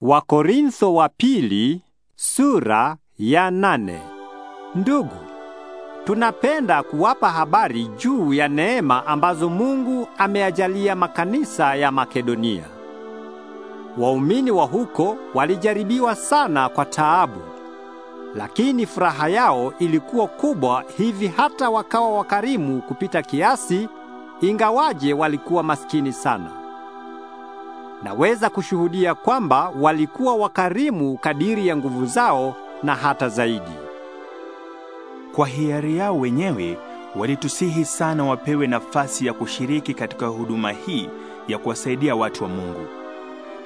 Wakorintho wa pili sura ya nane. Ndugu, tunapenda kuwapa habari juu ya neema ambazo Mungu ameajalia makanisa ya Makedonia. Waumini wa huko walijaribiwa sana kwa taabu, lakini furaha yao ilikuwa kubwa hivi hata wakawa wakarimu kupita kiasi, ingawaje walikuwa maskini sana naweza kushuhudia kwamba walikuwa wakarimu kadiri ya nguvu zao na hata zaidi. Kwa hiari yao wenyewe walitusihi sana wapewe nafasi ya kushiriki katika huduma hii ya kuwasaidia watu wa Mungu.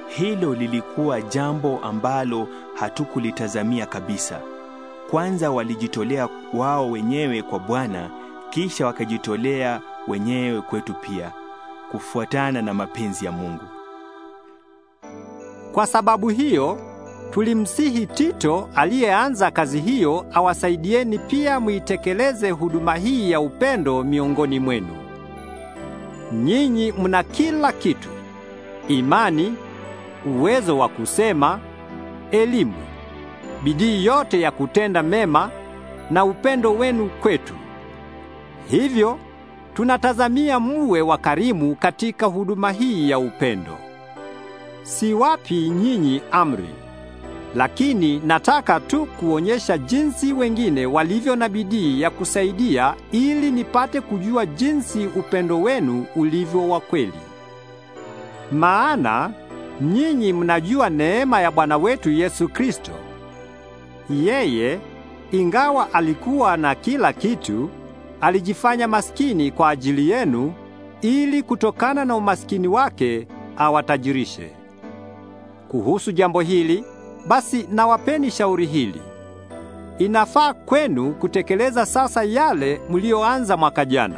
Hilo lilikuwa jambo ambalo hatukulitazamia kabisa. Kwanza walijitolea wao wenyewe kwa Bwana, kisha wakajitolea wenyewe kwetu pia, kufuatana na mapenzi ya Mungu. Kwa sababu hiyo tulimsihi Tito aliyeanza kazi hiyo awasaidieni pia muitekeleze huduma hii ya upendo miongoni mwenu. Nyinyi mna kila kitu: imani, uwezo wa kusema, elimu, bidii yote ya kutenda mema na upendo wenu kwetu. Hivyo tunatazamia muwe wakarimu katika huduma hii ya upendo siwapi nyinyi amri, lakini nataka tu kuonyesha jinsi wengine walivyo na bidii ya kusaidia, ili nipate kujua jinsi upendo wenu ulivyo wa kweli. Maana nyinyi mnajua neema ya Bwana wetu Yesu Kristo. Yeye ingawa alikuwa na kila kitu, alijifanya maskini kwa ajili yenu ili kutokana na umaskini wake awatajirishe kuhusu jambo hili, basi nawapeni shauri hili. Inafaa kwenu kutekeleza sasa yale mlioanza mwaka jana.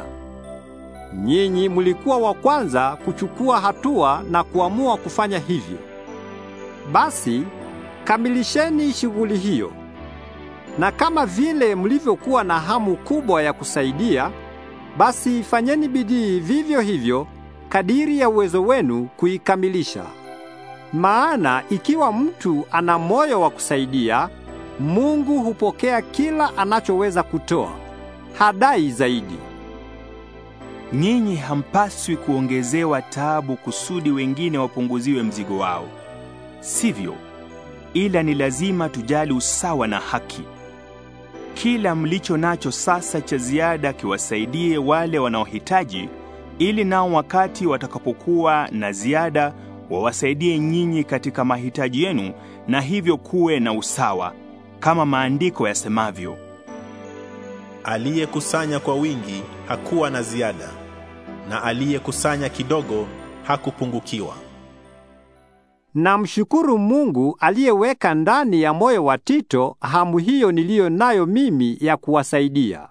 Nyinyi mlikuwa wa kwanza kuchukua hatua na kuamua kufanya hivyo. Basi kamilisheni shughuli hiyo. Na kama vile mlivyokuwa na hamu kubwa ya kusaidia, basi fanyeni bidii vivyo hivyo kadiri ya uwezo wenu kuikamilisha. Maana ikiwa mtu ana moyo wa kusaidia, Mungu hupokea kila anachoweza kutoa, hadai zaidi. Nyinyi hampaswi kuongezewa taabu kusudi wengine wapunguziwe mzigo wao. Sivyo, ila ni lazima tujali usawa na haki. Kila mlicho nacho sasa cha ziada kiwasaidie wale wanaohitaji, ili nao wakati watakapokuwa na ziada wawasaidie nyinyi katika mahitaji yenu, na hivyo kuwe na usawa, kama maandiko yasemavyo, aliyekusanya kwa wingi hakuwa na ziada, na aliyekusanya kidogo hakupungukiwa. namshukuru Mungu aliyeweka ndani ya moyo wa Tito hamu hiyo niliyo nayo mimi ya kuwasaidia.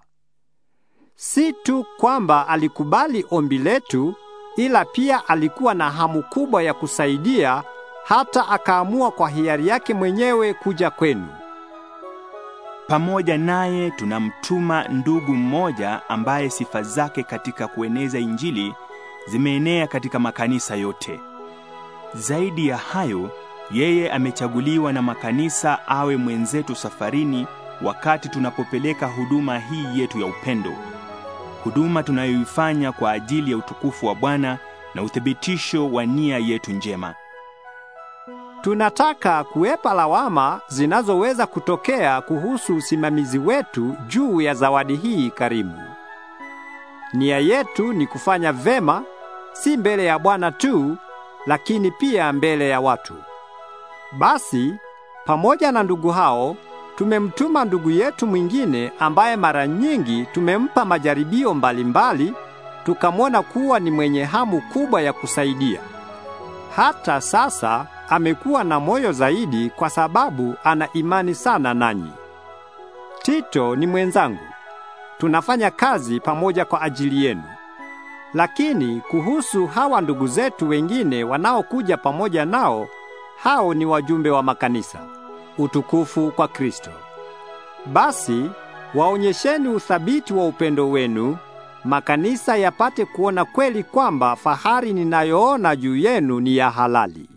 Si tu kwamba alikubali ombi letu, ila pia alikuwa na hamu kubwa ya kusaidia, hata akaamua kwa hiari yake mwenyewe kuja kwenu. Pamoja naye tunamtuma ndugu mmoja ambaye sifa zake katika kueneza Injili zimeenea katika makanisa yote. Zaidi ya hayo, yeye amechaguliwa na makanisa awe mwenzetu safarini wakati tunapopeleka huduma hii yetu ya upendo huduma tunayoifanya kwa ajili ya utukufu wa Bwana na uthibitisho wa nia yetu njema. Tunataka kuepa lawama zinazoweza kutokea kuhusu usimamizi wetu juu ya zawadi hii karimu. Nia yetu ni kufanya vema, si mbele ya Bwana tu, lakini pia mbele ya watu. Basi pamoja na ndugu hao tumemtuma ndugu yetu mwingine ambaye mara nyingi tumempa majaribio mbalimbali, tukamwona kuwa ni mwenye hamu kubwa ya kusaidia. Hata sasa amekuwa na moyo zaidi kwa sababu ana imani sana nanyi. Tito ni mwenzangu. Tunafanya kazi pamoja kwa ajili yenu. Lakini kuhusu hawa ndugu zetu wengine wanaokuja pamoja nao, hao ni wajumbe wa makanisa utukufu kwa Kristo. Basi waonyesheni uthabiti wa upendo wenu, makanisa yapate kuona kweli kwamba fahari ninayoona juu yenu ni ya halali.